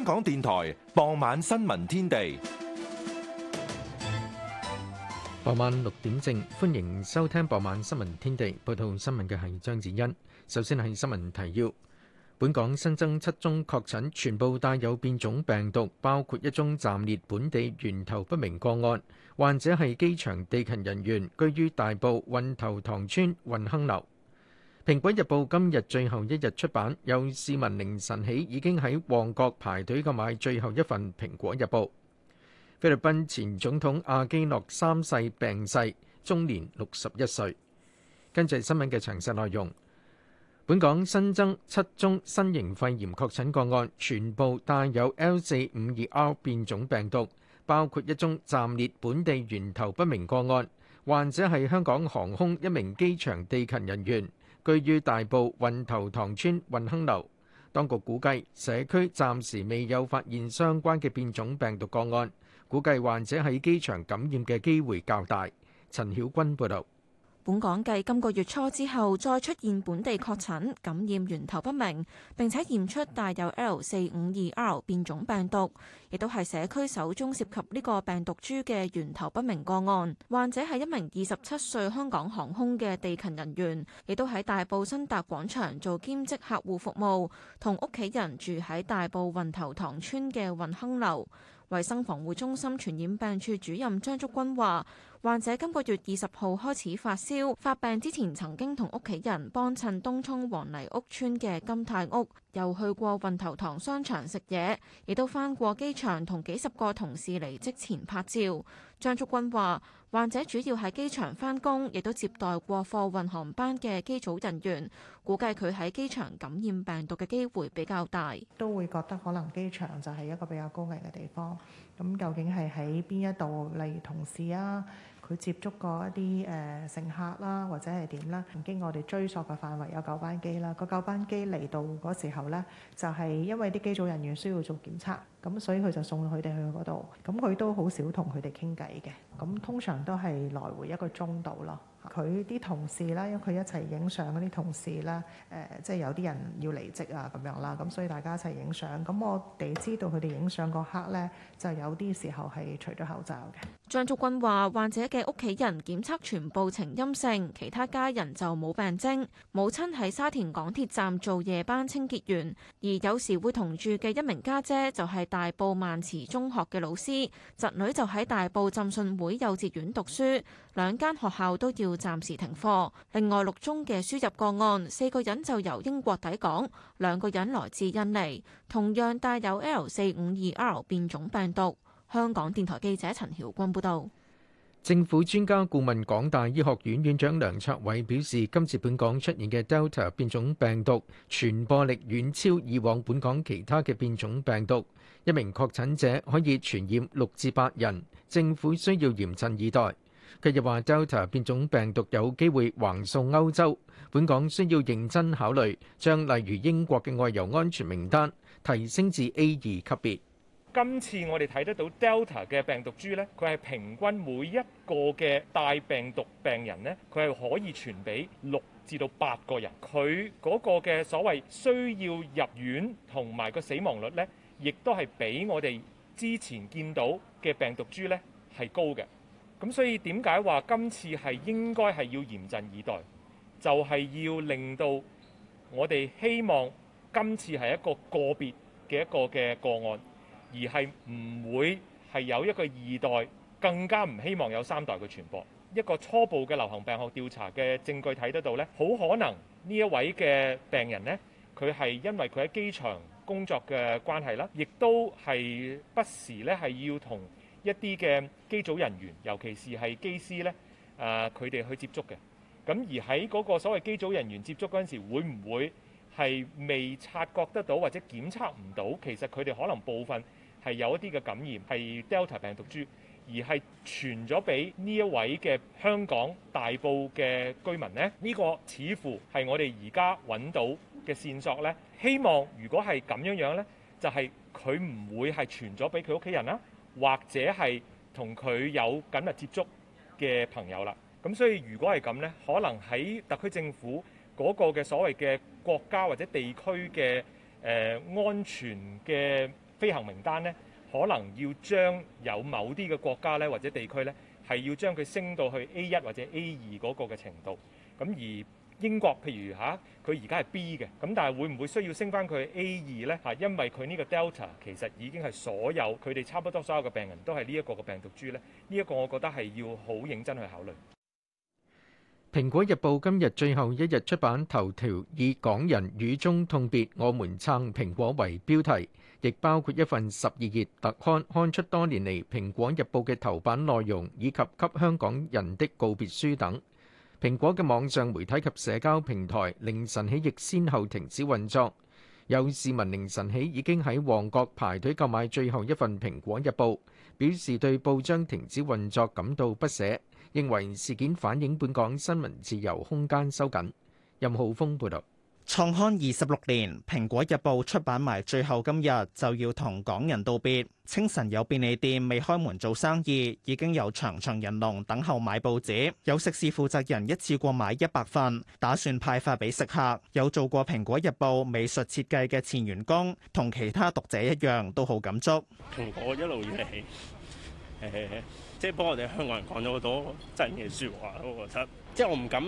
香港電台傍晚新聞天地，傍晚六點正，歡迎收聽傍晚新聞天地。報道新聞嘅係張子欣。首先係新聞提要：本港新增七宗確診，全部帶有變種病毒，包括一宗暫列本地源頭不明個案。患者係機場地勤人員，居於大埔運頭塘村運亨樓。《蘋果日報》今日最後一日出版，有市民凌晨起已經喺旺角排隊購買最後一份《蘋果日報》。菲律賓前總統阿基諾三世病逝，終年六十一歲。跟住係新聞嘅詳細內容。本港新增七宗新型肺炎確診個案，全部帶有 L 四五二 R 變種病毒，包括一宗暫列本地源頭不明個案，患者係香港航空一名機場地勤人員。居於大埔運頭塘村運亨樓，當局估計社區暫時未有發現相關嘅變種病毒個案，估計患者喺機場感染嘅機會較大。陳曉君報導。本港繼今個月初之後，再出現本地確診感染源頭不明，並且驗出帶有 L 四五二 R 變種病毒，亦都係社區首宗涉及呢個病毒株嘅源頭不明個案。患者係一名二十七歲香港航空嘅地勤人員，亦都喺大埔新達廣場做兼職客戶服務，同屋企人住喺大埔運頭塘村嘅運亨樓。衛生防護中心傳染病處主任張竹君話。患者今個月二十號開始發燒，發病之前曾經同屋企人幫襯東涌黃泥屋村嘅金泰屋，又去過運頭塘商場食嘢，亦都返過機場同幾十個同事離職前拍照。張竹君話：患者主要喺機場返工，亦都接待過貨運航班嘅機組人員，估計佢喺機場感染病毒嘅機會比較大，都會覺得可能機場就係一個比較高危嘅地方。咁究竟係喺邊一度？例如同事啊，佢接觸過一啲誒、呃、乘客啦、啊，或者係點啦？曾經我哋追溯嘅範圍有九班機啦、啊，個九班機嚟到嗰時候咧，就係、是、因為啲機組人員需要做檢測，咁所以佢就送佢哋去嗰度。咁佢都好少同佢哋傾偈嘅。咁通常都係來回一個鐘度咯。佢啲同事啦，因為佢一齊影相嗰啲同事啦，誒、呃、即係有啲人要離職啊咁樣啦，咁所以大家一齊影相。咁我哋知道佢哋影相嗰刻咧，就有啲時候係除咗口罩嘅。張竹君話患者嘅屋企人檢測全部呈陰性，其他家人就冇病徵，母親喺沙田港鐵站做夜班清潔員，而有時會同住嘅一名家姐，姐就係大埔萬慈中學嘅老師，侄女就喺大埔浸信會幼稚園讀書，兩間學校都要。要暫時停課。另外六宗嘅輸入個案，四個人就由英國抵港，兩個人來自印尼，同樣帶有 L 四五二 R 變種病毒。香港電台記者陳曉君報導。政府專家顧問港大醫學院院院長梁卓偉表示，今次本港出現嘅 Delta 變種病毒傳播力遠超以往本港其他嘅變種病毒，一名確診者可以傳染六至八人。政府需要嚴陣以待。佢又話：Delta 變種病毒有機會橫掃歐洲，本港需要認真考慮將例如英國嘅外遊安全名單提升至 A2 級別。今次我哋睇得到 Delta 嘅病毒株咧，佢係平均每一個嘅帶病毒病人咧，佢係可以傳俾六至到八個人。佢嗰個嘅所謂需要入院同埋個死亡率咧，亦都係比我哋之前見到嘅病毒株，咧係高嘅。咁所以點解話今次係應該係要嚴陣以待，就係要令到我哋希望今次係一個個別嘅一個嘅個案，而係唔會係有一個二代，更加唔希望有三代嘅傳播。一個初步嘅流行病學調查嘅證據睇得到呢，好可能呢一位嘅病人呢，佢係因為佢喺機場工作嘅關係啦，亦都係不時呢係要同。一啲嘅機組人員，尤其是係機師咧，誒、呃，佢哋去接觸嘅，咁而喺嗰個所謂機組人員接觸嗰陣時，會唔會係未察覺得到或者檢測唔到？其實佢哋可能部分係有一啲嘅感染係 Delta 病毒株，而係傳咗俾呢一位嘅香港大埔嘅居民咧。呢、呢個似乎係我哋而家揾到嘅線索咧。希望如果係咁樣樣咧，就係佢唔會係傳咗俾佢屋企人啦。或者係同佢有緊密接觸嘅朋友啦，咁所以如果係咁呢，可能喺特區政府嗰個嘅所謂嘅國家或者地區嘅誒、呃、安全嘅飛行名單呢，可能要將有某啲嘅國家呢，或者地區呢，係要將佢升到去 A 一或者 A 二嗰個嘅程度，咁而。英國譬如嚇，佢而家係 B 嘅，咁但係會唔會需要升翻佢 A 二咧？嚇，因為佢呢個 Delta 其實已經係所有佢哋差不多所有嘅病人都係呢一個嘅病毒株咧。呢一個我覺得係要好認真去考慮。《蘋果日報》今日最後一日出版，頭條以港人雨中痛別我們撐蘋果為標題，亦包括一份十二頁特刊，刊出多年嚟《蘋果日報》嘅頭版內容以及給香港人的告別書等。蘋果嘅網上媒體及社交平台凌晨起亦先後停止運作，有市民凌晨起已經喺旺角排隊購買最後一份蘋果日報，表示對報章停止運作感到不捨，認為事件反映本港新聞自由空間收緊。任浩峰報道。創刊二十六年，《蘋果日報》出版埋最後今日就要同港人道別。清晨有便利店未開門做生意，已經有長長人龍等候買報紙。有食肆負責人一次過買一百份，打算派發俾食客。有做過《蘋果日報》美術設計嘅前員工，同其他讀者一樣，都好感觸。蘋果一路以嚟，即係幫我哋香港人講咗好多真嘅說話，我覺得，即係我唔敢。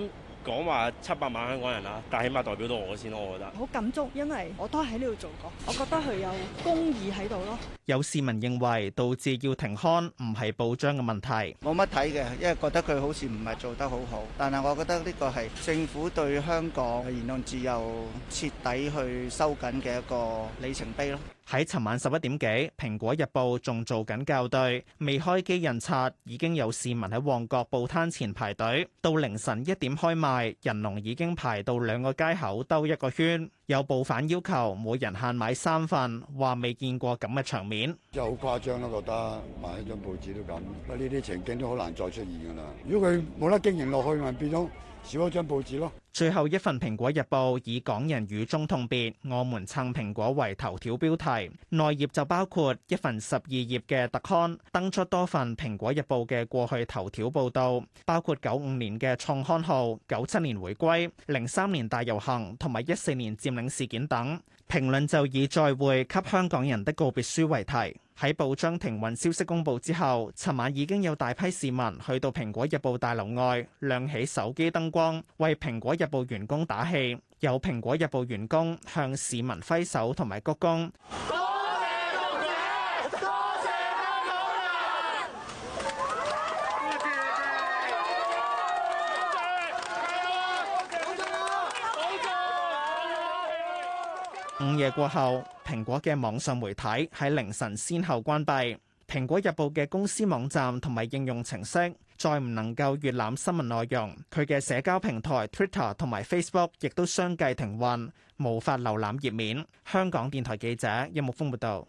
講話七百萬香港人啦，但係起碼代表到我先咯，我覺得。好感觸，因為我都喺呢度做過，我覺得佢有公義喺度咯。有市民認為導致要停刊唔係報章嘅問題。冇乜睇嘅，因為覺得佢好似唔係做得好好。但係我覺得呢個係政府對香港嘅言論自由徹底去收緊嘅一個里程碑咯。喺尋晚十一點幾，蘋果日報仲做緊校對，未開機印刷已經有市民喺旺角報攤前排隊。到凌晨一點開賣，人龍已經排到兩個街口兜一個圈。有報販要求每人限買三份，話未見過咁嘅場面。真係好誇張咯，覺得買一張報紙都咁，呢啲情景都好難再出現㗎啦。如果佢冇得經營落去，咪變咗。少一張報紙咯。最後一份《蘋果日報》以港人雨中痛別我們撐蘋果為頭條標題，內頁就包括一份十二頁嘅特刊，登出多份《蘋果日報》嘅過去頭條報導，包括九五年嘅創刊號、九七年回歸、零三年大遊行同埋一四年佔領事件等。評論就以再會給香港人的告別書為題。喺報章停運消息公布之後，尋晚已經有大批市民去到蘋果日報大樓外，亮起手機燈光，為蘋果日報員工打氣，有蘋果日報員工向市民揮手同埋鞠躬。.午夜過後，蘋果嘅網上媒體喺凌晨先後關閉。蘋果日報嘅公司網站同埋應用程式，再唔能夠閲覽新聞內容。佢嘅社交平台 Twitter 同埋 Facebook 亦都相繼停運，無法瀏覽頁面。香港電台記者甄木峯報道。有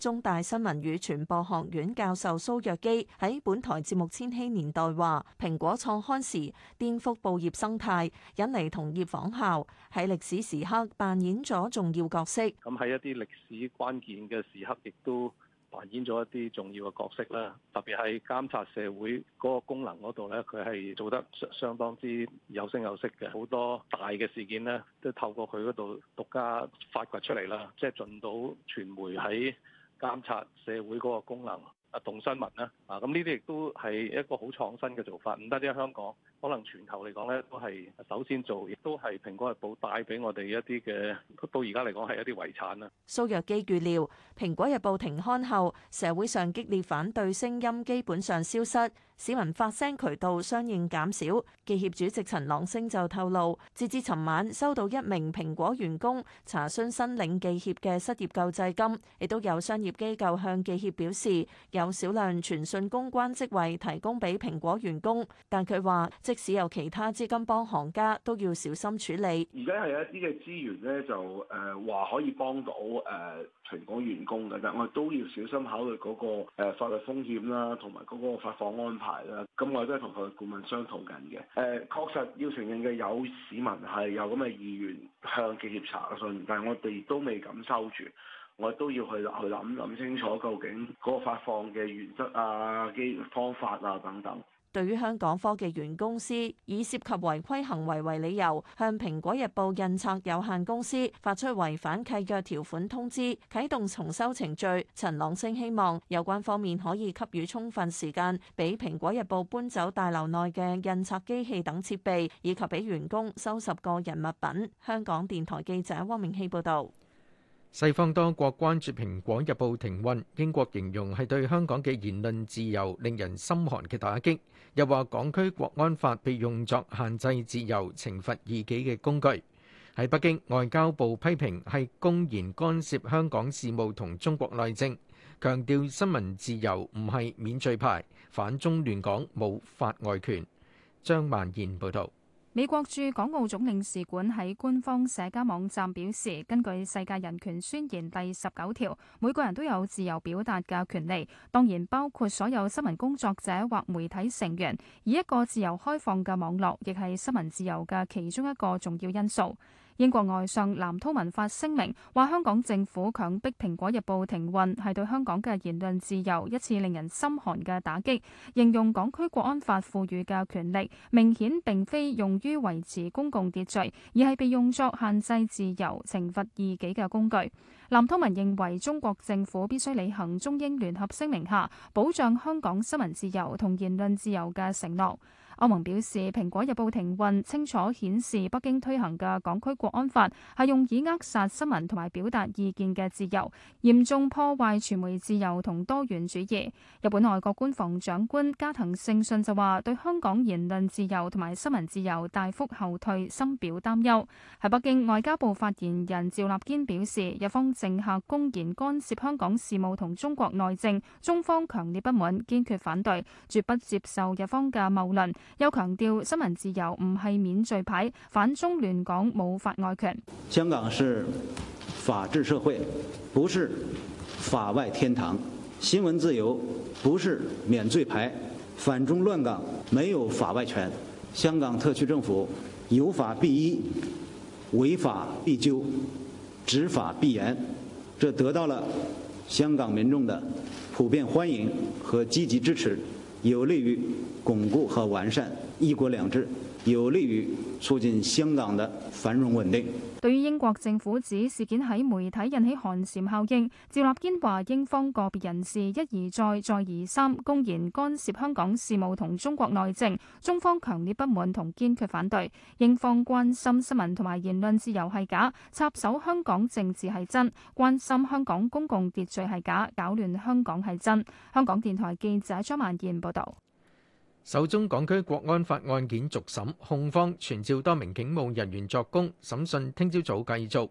中大新聞與傳播學院教授蘇若基喺本台節目《千禧年代》話蘋果創刊時顛覆報業生態，引嚟同業仿效，喺歷史時刻扮演咗重要角色。咁喺一啲歷史關鍵嘅時刻，亦都扮演咗一啲重要嘅角色啦。特別係監察社會嗰個功能嗰度咧，佢係做得相相當之有聲有色嘅。好多大嘅事件咧，都透過佢嗰度獨家發掘出嚟啦，即係盡到傳媒喺。監察社會嗰個功能啊，動新聞啦，啊，咁呢啲亦都係一個好創新嘅做法，唔單止喺香港。可能全球嚟講咧，都係首先做，亦都係《蘋果日報》帶俾我哋一啲嘅到而家嚟講係一啲遺產啦。蘇若基預料，《蘋果日報》停刊後，社會上激烈反對聲音基本上消失，市民發聲渠道相應減少。記協主席陳朗昇就透露，截至尋晚收到一名蘋果員工查詢申領記協嘅失業救濟金，亦都有商業機構向記協表示有少量傳訊公關職位提供俾蘋果員工，但佢話。即使有其他資金幫行家，都要小心處理。而家係一啲嘅資源咧，就誒話、呃、可以幫到誒、呃、全港員工嘅，但我哋都要小心考慮嗰、那個、呃、法律風險啦，同埋嗰個發放安排啦。咁我哋都係同法律顧問商討緊嘅。誒、呃，確實要承認嘅有市民係有咁嘅意願向記協查詢，但係我哋都未敢收住，我都要去去諗諗清楚究竟嗰個發放嘅原則啊、機方法啊等等。對於香港科技園公司以涉及違規行為為理由，向《蘋果日報》印刷有限公司發出違反契約條款通知，啟動重收程序。陳朗昇希望有關方面可以給予充分時間，俾《蘋果日報》搬走大樓內嘅印刷機器等設備，以及俾員工收拾個人物品。香港電台記者汪明熙報導。西方多國關注《蘋果日報》停運，英國形容係對香港嘅言論自由令人心寒嘅打擊。又話港區國安法被用作限制自由、懲罰異己嘅工具。喺北京，外交部批評係公然干涉香港事務同中國內政，強調新聞自由唔係免罪牌，反中亂港冇法外權。張曼燕報導。美國駐港澳總領事館喺官方社交網站表示，根據世界人權宣言第十九條，每個人都有自由表達嘅權利，當然包括所有新聞工作者或媒體成員。以一個自由開放嘅網絡，亦係新聞自由嘅其中一個重要因素。英國外相藍韜文發聲明，話香港政府強迫蘋果日報停運，係對香港嘅言論自由一次令人心寒嘅打擊。形容港區國安法賦予嘅權力，明顯並非用於維持公共秩序，而係被用作限制自由、懲罰異己嘅工具。藍韜文認為，中國政府必須履行中英聯合聲明下保障香港新聞自由同言論自由嘅承諾。歐盟表示，蘋果日報停運清楚顯示北京推行嘅港區國安法係用以扼殺新聞同埋表達意見嘅自由，嚴重破壞傳媒自由同多元主義。日本外國官房長官加藤勝信就話：對香港言論自由同埋新聞自由大幅後退，深表擔憂。喺北京外交部發言人趙立堅表示，日方政客公然干涉香港事務同中國內政，中方強烈不滿，堅決反對，絕不接受日方嘅謬論。又強調新聞自由唔係免罪牌，反中亂港冇法外權。香港是法治社會，不是法外天堂。新聞自由不是免罪牌，反中亂港沒有法外權。香港特區政府有法必依，違法必究，執法必嚴。這得到了香港民眾的普遍歡迎和積極支持。有利於鞏固和完善“一國兩制”。有利於促進香港的繁榮穩定。對於英國政府指事件喺媒體引起寒蟬效應，趙立堅話英方個別人士一而再、再而三公然干涉香港事務同中國內政，中方強烈不滿同堅決反對，英方關心新聞同埋言論自由係假，插手香港政治係真，關心香港公共秩序係假，搞亂香港係真。香港電台記者張曼燕報道。首宗港區國安法案件續審，控方傳召多名警務人員作供，審訊聽朝早繼續。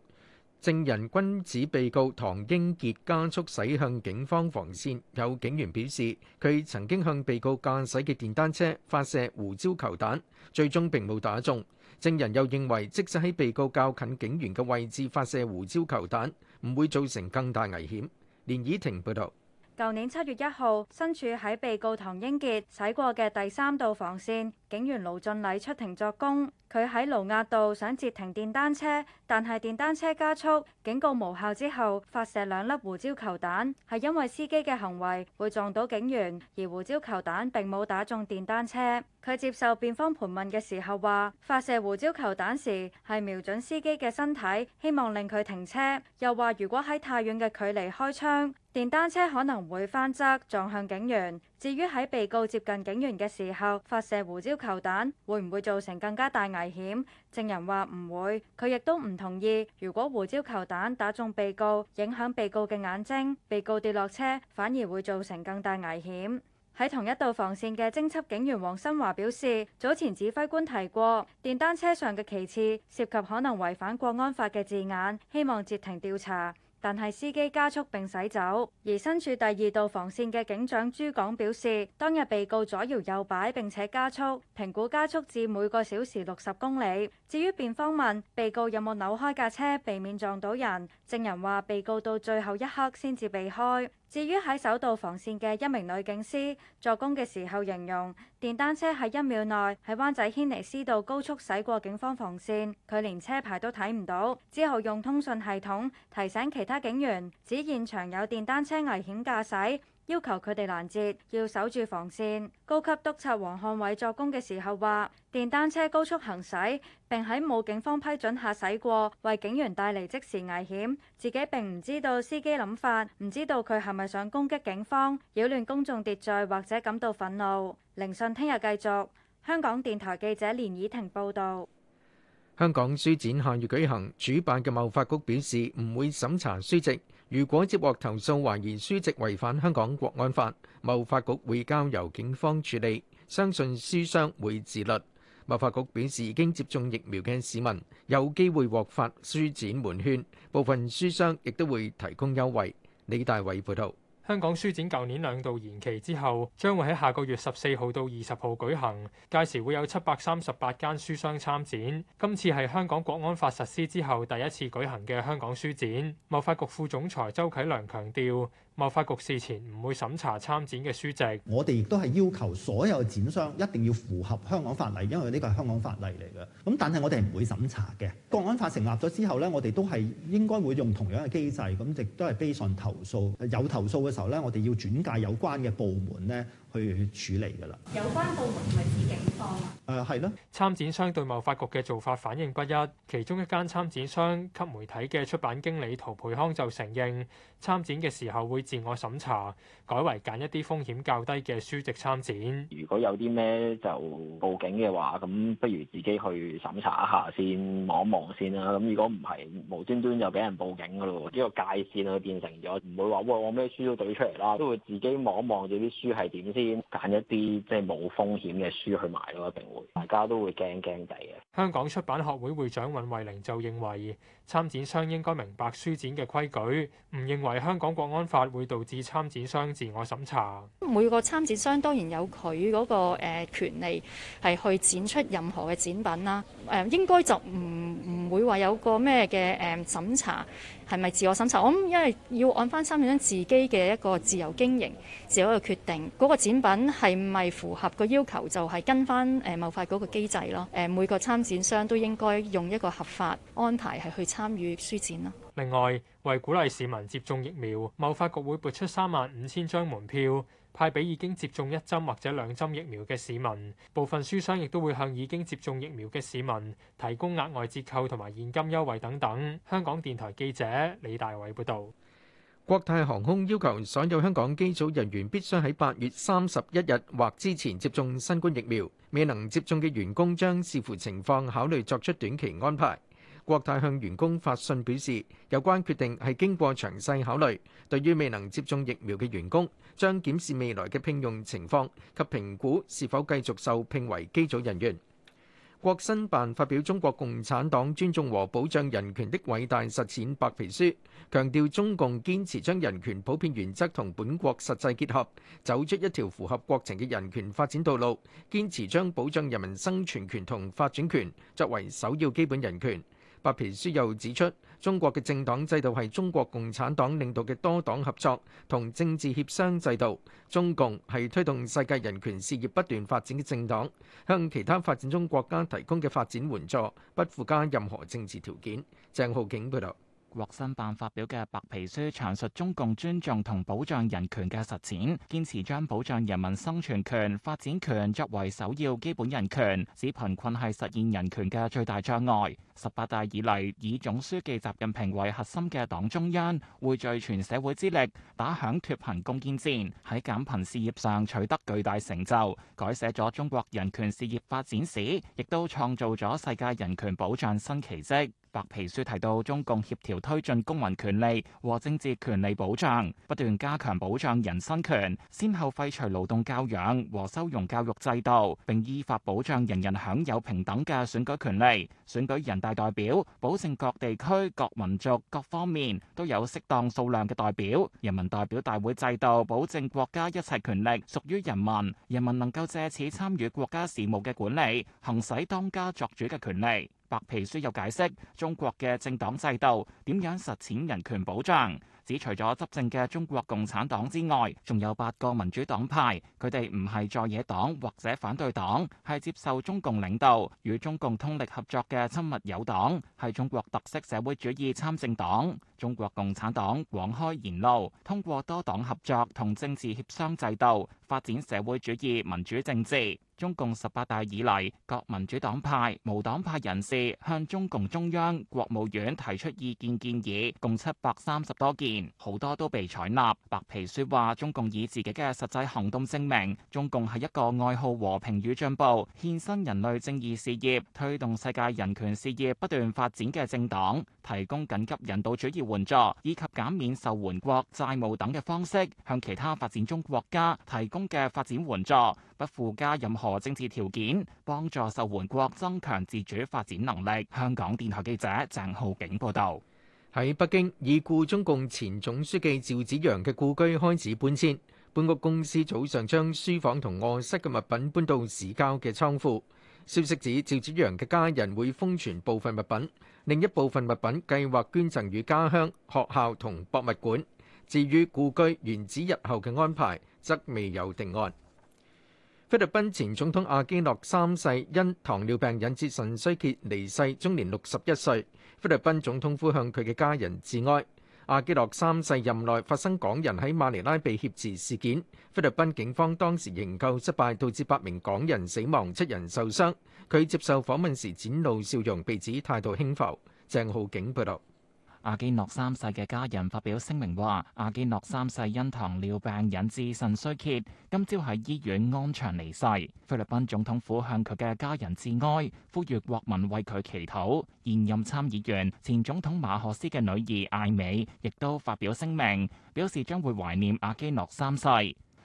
證人均指被告唐英傑加速駛向警方防線，有警員表示佢曾經向被告駕駛嘅電單車發射胡椒球彈，最終並冇打中。證人又認為即使喺被告較近警員嘅位置發射胡椒球彈，唔會造成更大危險。連倚婷報道。舊年七月一號，身處喺被告唐英傑駛過嘅第三道防線。警員盧俊禮出庭作供，佢喺盧押道想截停電單車，但係電單車加速，警告無效之後發射兩粒胡椒球彈，係因為司機嘅行為會撞到警員，而胡椒球彈並冇打中電單車。佢接受辯方盤問嘅時候話，發射胡椒球彈時係瞄準司機嘅身體，希望令佢停車。又話如果喺太遠嘅距離開槍，電單車可能會翻側撞向警員。至於喺被告接近警員嘅時候發射胡椒球彈，會唔會造成更加大危險？證人話唔會，佢亦都唔同意。如果胡椒球彈打中被告，影響被告嘅眼睛，被告跌落車，反而會造成更大危險。喺同一道防線嘅偵緝警員黃新華表示，早前指揮官提過電單車上嘅旗幟涉及可能違反國安法嘅字眼，希望截停調查。但係，司機加速並駛走，而身處第二道防線嘅警長朱港表示，當日被告左搖右擺並且加速，評估加速至每個小時六十公里。至於辯方問被告有冇扭開架車避免撞到人，證人話被告到最後一刻先至避開。至於喺首道防線嘅一名女警司，作供嘅時候形容電單車喺一秒內喺灣仔軒尼詩道高速駛過警方防線，佢連車牌都睇唔到，之後用通訊系統提醒其他警員，指現場有電單車危險駕駛。要求佢哋攔截，要守住防線。高級督察黃漢偉作供嘅時候話，電單車高速行駛，並喺冇警方批准下駛過，為警員帶嚟即時危險。自己並唔知道司機諗法，唔知道佢係咪想攻擊警方，擾亂公眾秩序，或者感到憤怒。聆訊聽日繼續。香港電台記者連綺婷報道。香港書展下月舉行，主辦嘅貿發局表示唔會審查書籍。如果接獲投訴，懷疑書籍違反香港國安法，貿發局會交由警方處理。相信書商會自律。貿發局表示，已經接種疫苗嘅市民有機會獲發書展門券，部分書商亦都會提供優惠。李大偉報道。香港書展舊年兩度延期之後，將會喺下個月十四號到二十號舉行，屆時會有七百三十八間書商參展。今次係香港國安法實施之後第一次舉行嘅香港書展。貿發局副總裁周啟良強調。貿發局事前唔會審查參展嘅書籍，我哋亦都係要求所有展商一定要符合香港法例，因為呢個係香港法例嚟嘅。咁但係我哋唔會審查嘅。國安法成立咗之後咧，我哋都係應該會用同樣嘅機制，咁亦都係基於投訴，有投訴嘅時候咧，我哋要轉介有關嘅部門咧去處理㗎啦。有關部門係指警。誒係咯，嗯、參展商對貿發局嘅做法反應不一。其中一間參展商給媒體嘅出版經理陶培康就承認，參展嘅時候會自我審查，改為揀一啲風險較低嘅書籍參展。如果有啲咩就報警嘅話，咁不如自己去審查一下先，望一望先啦、啊。咁如果唔係無端端就俾人報警嘅咯，呢、呢個界線啊變成咗，唔會話喂我咩書都對出嚟啦，都會自己望一望自啲書係點先，揀一啲即係冇風險嘅書去賣。一定會，大家都會驚驚地嘅。香港出版學會會長尹慧玲就認為，參展商應該明白書展嘅規矩，唔認為香港國安法會導致參展商自我審查。每個參展商當然有佢嗰個誒權利，係去展出任何嘅展品啦。誒，應該就唔唔會話有個咩嘅誒審查。係咪自我審查？我諗因為要按翻參展商自己嘅一個自由經營、自由嘅決定，嗰、那個展品係咪符合個要求，就係、是、跟翻誒貿發局個機制咯。誒每個參展商都應該用一個合法安排係去參與書展咯。另外，為鼓勵市民接種疫苗，貿發局會撥出三萬五千張門票。派俾已經接種一針或者兩針疫苗嘅市民，部分書商亦都會向已經接種疫苗嘅市民提供額外折扣同埋現金優惠等等。香港電台記者李大偉報導。國泰航空要求所有香港機組人員必須喺八月三十一日或之前接種新冠疫苗，未能接種嘅員工將視乎情況考慮作出短期安排。國泰向員工發信表示，有關決定係經過詳細考慮。對於未能接種疫苗嘅員工，將檢視未來嘅聘用情況及評估是否繼續受聘為機組人員。國新辦發表《中國共產黨尊重和保障人權的偉大實踐》白皮書，強調中共堅持將人權普遍原則同本國實際結合，走出一條符合國情嘅人權發展道路，堅持將保障人民生存權同發展權作為首要基本人權。白皮書又指出，中國嘅政黨制度係中國共產黨領導嘅多黨合作同政治協商制度。中共係推動世界人權事業不斷發展嘅政黨，向其他發展中國家提供嘅發展援助，不附加任何政治條件。鄭浩勁報道。國新辦發表嘅白皮書詳述中共尊重同保障人權嘅實踐，堅持將保障人民生存權、發展權作為首要基本人權，指貧困係實現人權嘅最大障礙。十八大以嚟，以總書記習近平為核心嘅黨中央匯聚全社會之力，打響脫貧攻堅戰，喺減貧事業上取得巨大成就，改寫咗中國人權事業發展史，亦都創造咗世界人權保障新奇蹟。白皮書提到，中共協調推進公民權利和政治權利保障，不斷加強保障人身權，先後廢除勞動教養和收容教育制度，並依法保障人人享有平等嘅選舉權利。選舉人大代表，保證各地區、各民族各方面都有適當數量嘅代表。人民代表大會制度保證國家一切權力屬於人民，人民能夠借此參與國家事務嘅管理，行使當家作主嘅權利。白皮書又解釋中國嘅政黨制度點樣實踐人權保障，指除咗執政嘅中國共產黨之外，仲有八個民主黨派，佢哋唔係在野黨或者反對黨，係接受中共領導與中共通力合作嘅親密友黨，係中國特色社會主義參政黨。中國共產黨廣開言路，通過多黨合作同政治協商制度，發展社會主義民主政治。中共十八大以嚟，各民主黨派、無黨派人士向中共中央、國務院提出意見建議共七百三十多件，好多都被採納。白皮書話，中共以自己嘅實際行動證明，中共係一個愛好和平與進步、獻身人類正義事業、推動世界人權事業不斷發展嘅政黨，提供緊急人道主義援助以及減免受援國債務等嘅方式，向其他發展中國家提供。嘅發展援助，不附加任何政治條件，幫助受援國增強自主發展能力。香港電台記者鄭浩景報導。喺北京，已故中共前總書記趙紫陽嘅故居開始搬遷。搬屋公司早上將書房同臥室嘅物品搬到市郊嘅倉庫。消息指，趙紫陽嘅家人會封存部分物品，另一部分物品計劃捐贈於家鄉學校同博物館。至於故居原址日後嘅安排，則未有定案。菲律賓前總統阿基諾三世因糖尿病引致腎衰竭離世，終年六十一歲。菲律賓總統府向佢嘅家人致哀。阿基諾三世任內發生港人喺馬尼拉被挾持事件，菲律賓警方當時營救失敗，導致八名港人死亡，七人受傷。佢接受訪問時展露笑容，被指態度輕浮。鄭浩景報道。阿基諾三世嘅家人發表聲明話，阿基諾三世因糖尿病引致腎衰竭，今朝喺醫院安詳離世。菲律賓總統府向佢嘅家人致哀，呼籲國民為佢祈禱。現任參議員、前總統馬可斯嘅女兒艾美亦都發表聲明，表示將會懷念阿基諾三世。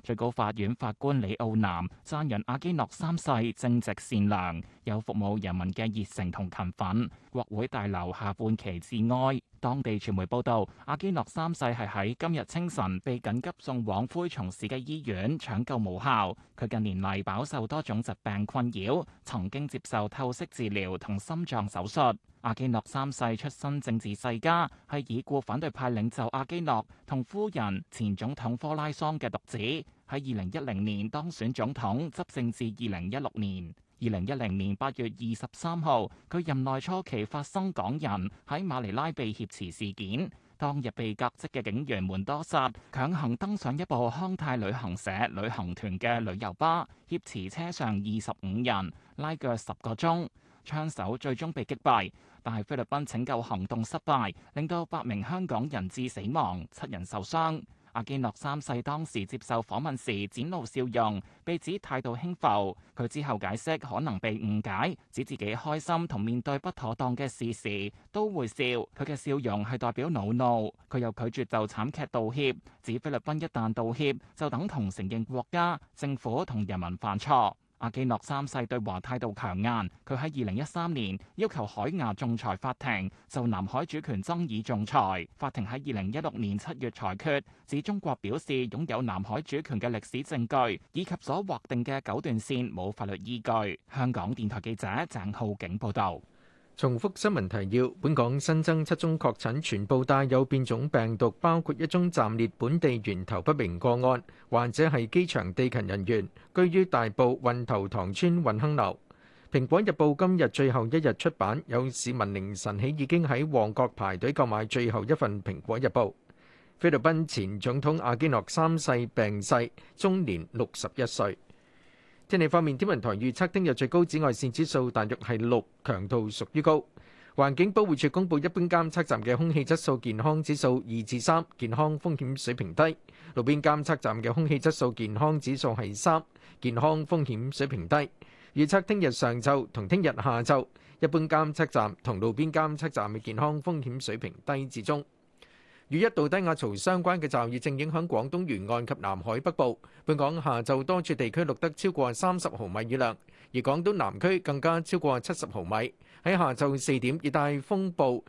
最高法院法官李奧南讚揚阿基諾三世正直善良，有服務人民嘅熱誠同勤奮。國會大樓下半旗致哀。當地傳媒報道，阿基諾三世係喺今日清晨被緊急送往灰松市嘅醫院搶救無效。佢近年嚟飽受多種疾病困擾，曾經接受透析治療同心臟手術。阿基諾三世出身政治世家，係已故反對派領袖阿基諾同夫人前總統科拉桑嘅獨子。喺二零一零年當選總統，執政至二零一六年。二零一零年八月二十三號，佢任內初期發生港人喺馬尼拉被挾持事件。當日被革職嘅警員門多薩，強行登上一部康泰旅行社旅行團嘅旅遊巴，挾持車上二十五人，拉鋸十個鐘。槍手最終被擊敗，但係菲律賓拯救行動失敗，令到八名香港人質死亡，七人受傷。阿基諾三世當時接受訪問時展露笑容，被指態度輕浮。佢之後解釋可能被誤解，指自己開心同面對不妥當嘅事時都會笑。佢嘅笑容係代表惱怒。佢又拒絕就慘劇道歉，指菲律賓一旦道歉就等同承認國家、政府同人民犯錯。阿基諾三世對華態度強硬，佢喺二零一三年要求海牙仲裁法庭就南海主權爭議仲裁。法庭喺二零一六年七月裁決，指中國表示擁有南海主權嘅歷史證據，以及所劃定嘅九段線冇法律依據。香港電台記者鄭浩景報道。重複新聞提要：本港新增七宗確診，全部帶有變種病毒，包括一宗暫列本地源頭不明個案，患者係機場地勤人員，居於大埔運頭塘村運亨樓。《蘋果日報》今日最後一日出版，有市民凌晨起已經喺旺角排隊購買最後一份《蘋果日報》。菲律賓前總統阿基諾三世病逝，終年六十一歲。天氣方面，天文台預測聽日最高紫外線指數大約係六，強度屬於高。環境保護署公佈一般監測站嘅空氣質素健康指數二至三，健康風險水平低；路邊監測站嘅空氣質素健康指數係三，健康風險水平低。預測聽日上晝同聽日下晝，一般監測站同路邊監測站嘅健康風險水平低至中。與一道低壓槽相關嘅驟雨正影響廣東沿岸及南海北部。本港下晝多處地區錄得超過三十毫米雨量，而廣東南區更加超過七十毫米。喺下晝四點，熱帶風暴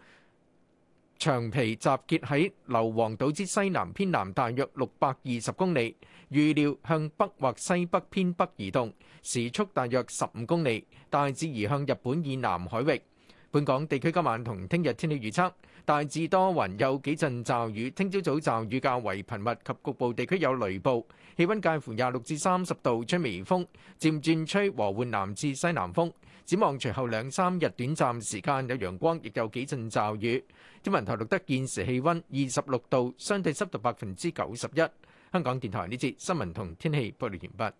長皮集結喺硫磺島之西南偏南大約六百二十公里，預料向北或西北偏北移動，時速大約十五公里，大致移向日本以南海域。本港地區今晚同聽日天氣預測。大致多雲，有幾陣驟雨。聽朝早驟雨較為頻密及局部地區有雷暴，氣溫介乎廿六至三十度，吹微風，漸轉吹和緩南至西南風。展望隨後兩三日短暫時間有陽光，亦有幾陣驟雨。天文台錄得現時氣溫二十六度，相對濕度百分之九十一。香港電台呢節新聞同天氣播報完畢。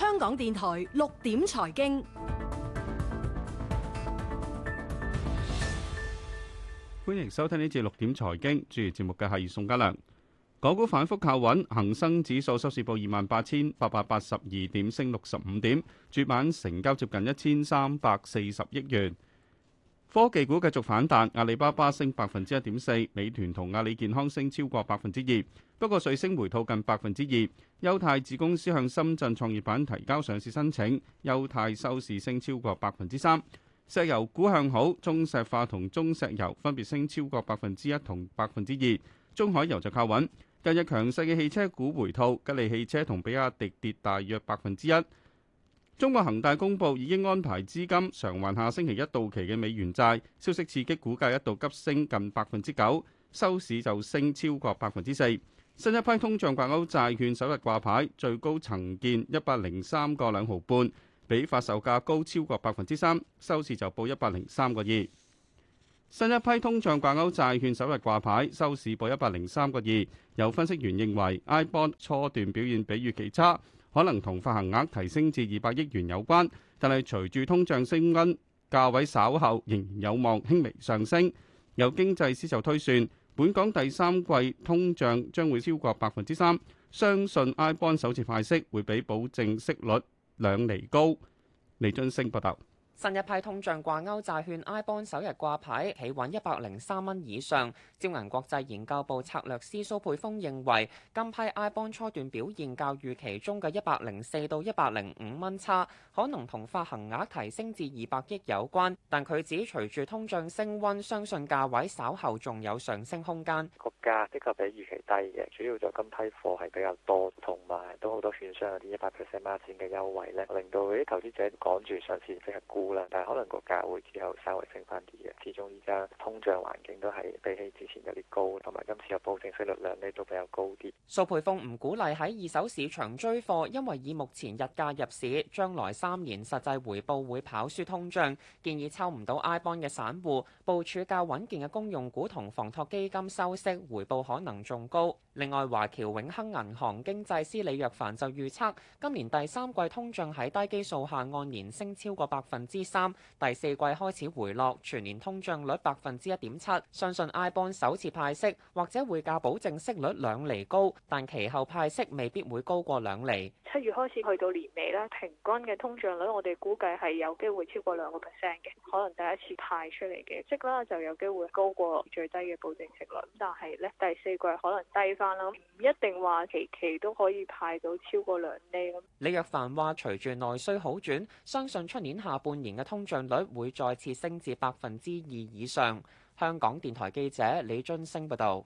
香港電台六點財經。歡迎收聽呢節六點財經，主持節目嘅係宋家良。港股反復靠穩，恒生指數收市報二萬八千八百八十二點，升六十五點，主板成交接近一千三百四十億元。科技股繼續反彈，阿里巴巴升百分之一點四，美團同阿里健康升超過百分之二，不過瑞聲回吐近百分之二。優泰子公司向深圳創業板提交上市申請，優泰收市升超過百分之三。石油股向好，中石化同中石油分別升超過百分之一同百分之二，中海油就靠穩。近日強勢嘅汽車股回吐，吉利汽車同比亞迪跌，跌大約百分之一。中國恒大公布已經安排資金償還下星期一到期嘅美元債，消息刺激股價一度急升近百分之九，收市就升超過百分之四。新一批通脹掛鈎債券首日掛牌，最高曾見一百零三個兩毫半。比發售價高超過百分之三，收市就報一百零三個二。新一批通脹掛鈎債券首日掛牌，收市報一百零三個二。有分析員認為，iBond 初段表現比預期差，可能同發行額提升至二百億元有關。但係隨住通脹升溫，價位稍後仍然有望輕微上升。有經濟師就推算，本港第三季通脹將會超過百分之三，相信 iBond 首次派息會比保證息率兩厘高，李津升報道。新一批通脹掛鈎債券 I Bond 首日掛牌企穩一百零三蚊以上，招銀國際研究部策略師蘇佩峰認為，今批 I Bond 初段表現較預期中嘅一百零四到一百零五蚊差，可能同發行額提升至二百億有關。但佢指隨住通脹升溫，相信價位稍後仲有上升空間。個價的確比預期低嘅，主要就今批貨係比較多，同埋都好多券商有啲一百 percent 孖展嘅優惠咧，令到啲投資者趕住上市即刻沽。但係可能個價會之後稍微升翻啲嘅，始終依家通脹環境都係比起之前有啲高，同埋今次嘅保證息率量呢都比較高啲。蘇培峯唔鼓勵喺二手市場追貨，因為以目前日價入市，將來三年實際回報會跑輸通脹。建議抽唔到 iBond 嘅散戶，部署較穩健嘅公用股同房託基金收息，回報可能仲高。另外，華僑永亨銀行經濟師李若凡就預測，今年第三季通脹喺低基數下按年升超過百分。之三，第四季開始回落，全年通脹率百分之一點七。相信 i b o n k 首次派息或者會教保證息率兩厘高，但其後派息未必會高過兩厘。七月開始去到年尾咧，平均嘅通脹率我哋估計係有機會超過兩個 percent 嘅，可能第一次派出嚟嘅，即啦就有機會高過最低嘅保證息率。但係咧第四季可能低翻，啦唔一定話期期都可以派到超過兩厘咁。李若凡話：隨住內需好轉，相信出年下半。年嘅通脹率會再次升至百分之二以上。香港電台記者李津升報導。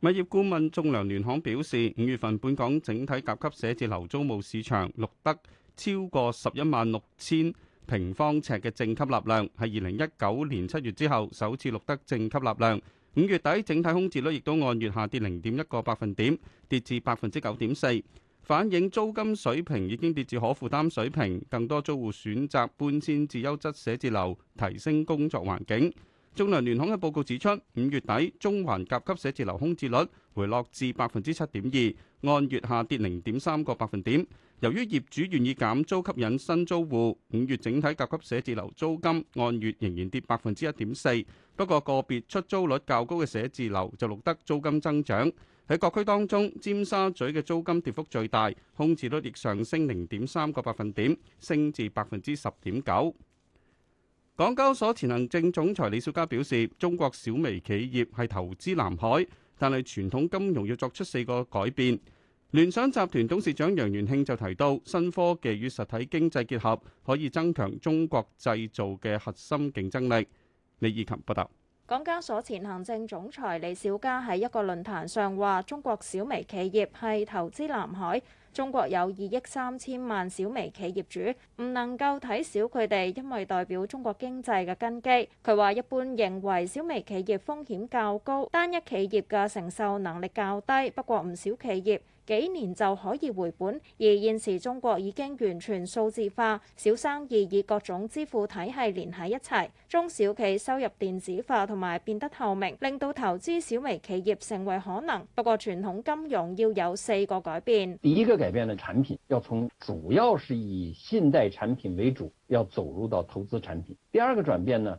物業顧問仲量聯行表示，五月份本港整體甲級寫字樓租務市場錄得超過十一萬六千平方尺嘅正吸納量，係二零一九年七月之後首次錄得正吸納量。五月底整體空置率亦都按月下跌零點一個百分點，跌至百分之九點四。反映租金水平已經跌至可負擔水平，更多租戶選擇搬遷至優質寫字樓提升工作環境。仲量聯行嘅報告指出，五月底中環甲級寫字樓空置率回落至百分之七點二，按月下跌零點三個百分點。由於業主願意減租吸引新租戶，五月整體甲級寫字樓租金按月仍然跌百分之一點四。不過個別出租率較高嘅寫字樓就錄得租金增長。喺各區當中，尖沙咀嘅租金跌幅最大，空置率亦上升零點三個百分點，升至百分之十點九。港交所前行政總裁李小加表示，中國小微企業係投資南海，但係傳統金融要作出四個改變。聯想集團董事長楊元慶就提到，新科技與實體經濟結合可以增強中國製造嘅核心競爭力。李以琴報道。港交所前行政總裁李小加喺一個論壇上話，中國小微企業係投資藍海，中國有二億三千萬小微企業主，唔能夠睇小佢哋，因為代表中國經濟嘅根基。佢話一般認為小微企業風險較高，單一企業嘅承受能力較低，不過唔少企業。幾年就可以回本，而現時中國已經完全數字化，小生意以各種支付體系連喺一齊，中小企收入電子化同埋變得透明，令到投資小微企業成為可能。不過傳統金融要有四個改變，第一個改變嘅產品要從，主要是以信貸產品為主，要走入到投資產品；第二個轉變呢。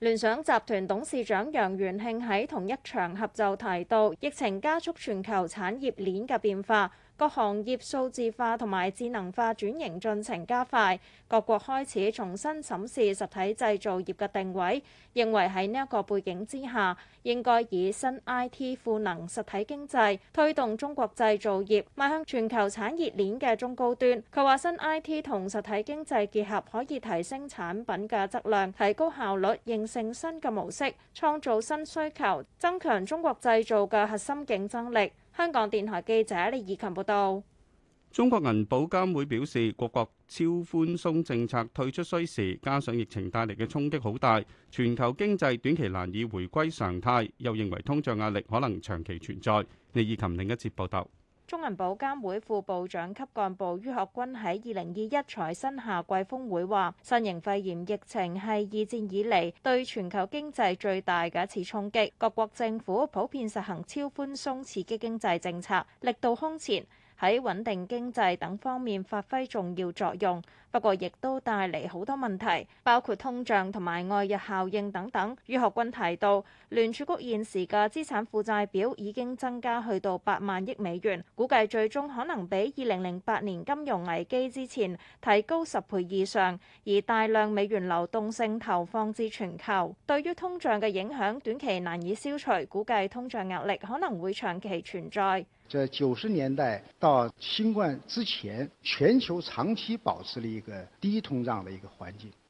聯想集團董事長楊元慶喺同一場合就提到，疫情加速全球產業鏈嘅變化。各行業數字化同埋智能化轉型進程加快，各國開始重新審視實體製造業嘅定位，認為喺呢一個背景之下，應該以新 IT 賦能實體經濟，推動中國製造業邁向全球產業鏈嘅中高端。佢話：新 IT 同實體經濟結合，可以提升產品嘅質量，提高效率，形成新嘅模式，創造新需求，增強中國製造嘅核心競爭力。香港電台記者李以琴報道，中國銀保監會表示，各國超寬鬆政策退出需時，加上疫情帶嚟嘅衝擊好大，全球經濟短期難以回歸常態，又認為通脹壓力可能長期存在。李以琴另一節報道。中銀保監會副部長級幹部于學軍喺二零二一財新夏季峰會話，新型肺炎疫情係二戰以嚟對全球經濟最大嘅一次衝擊，各國政府普遍實行超寬鬆刺激經濟政策，力度空前。喺穩定經濟等方面發揮重要作用，不過亦都帶嚟好多問題，包括通脹同埋外溢效應等等。于學軍提到，聯儲局現時嘅資產負債表已經增加去到八萬億美元，估計最終可能比二零零八年金融危機之前提高十倍以上，而大量美元流動性投放至全球，對於通脹嘅影響，短期難以消除，估計通脹壓力可能會長期存在。在九十年代到新冠之前，全球長期保持了一個低通脹的一個環境。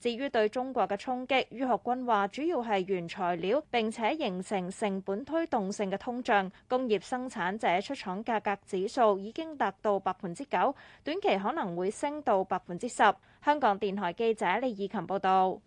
至於對中國嘅衝擊，於學軍話主要係原材料，並且形成成本推動性嘅通脹。工業生產者出廠價格指數已經達到百分之九，短期可能會升到百分之十。香港電台記者李以琴報道，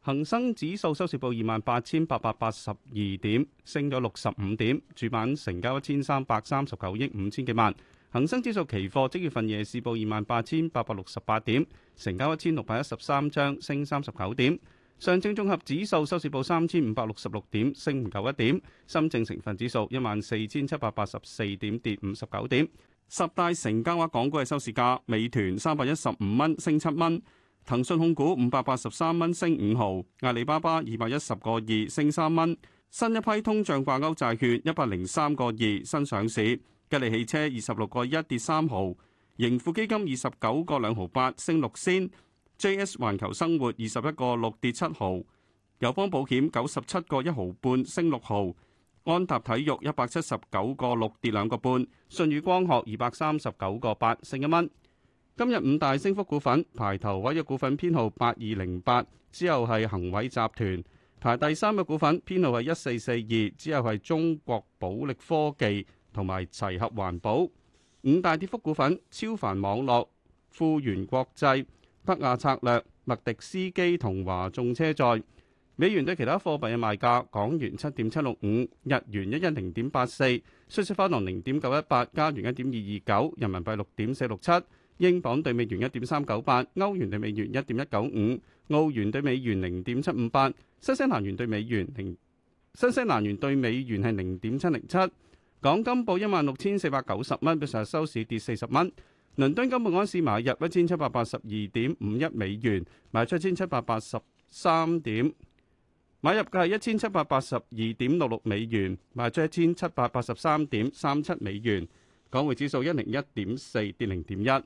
恒生指數收市報二萬八千八百八十二點，升咗六十五點。主板成交一千三百三十九億五千幾萬。恒生指數期貨即月份夜市報二萬八千八百六十八點，成交一千六百一十三張，升三十九點。上證綜合指數收市報三千五百六十六點，升唔夠一點。深證成分指數一萬四千七百八十四點，跌五十九點。十大成交額港股嘅收市價：美團三百一十五蚊，升七蚊；騰訊控股五百八十三蚊，升五毫；阿里巴巴二百一十個二，升三蚊。新一批通脹掛鉤債券一百零三個二，新上市。吉利汽車二十六個一跌三毫，盈富基金二十九個兩毫八升六仙，J.S 環球生活二十一個六跌七毫，友邦保險九十七個一毫半升六毫，安踏體育一百七十九個六跌兩個半，舜宇光學二百三十九個八升一蚊。今日五大升幅股份，排頭位嘅股份編號八二零八，之後係恒偉集團；排第三嘅股份編號係一四四二，之後係中國寶力科技，同埋齊合環保五大跌幅股份：超凡網絡、富源國際、北亞策略、麥迪斯基同華眾車載。美元對其他貨幣嘅賣價：港元七點七六五，日元一一零點八四，瑞士法郎零點九一八，加元一點二二九，人民幣六點四六七，英鎊對美元一點三九八，歐元對美元一點一九五，澳元對美元零點七五八，新西蘭元對美元零。新西蘭元對美元係零點七零七。港金報一萬六千四百九十蚊，比上日收市跌四十蚊。倫敦金每安士買入一千七百八十二點五一美元，賣出一千七百八十三點。買入價係一千七百八十二點六六美元，賣出一千七百八十三點三七美元。港匯指數一零一點四，跌零點一。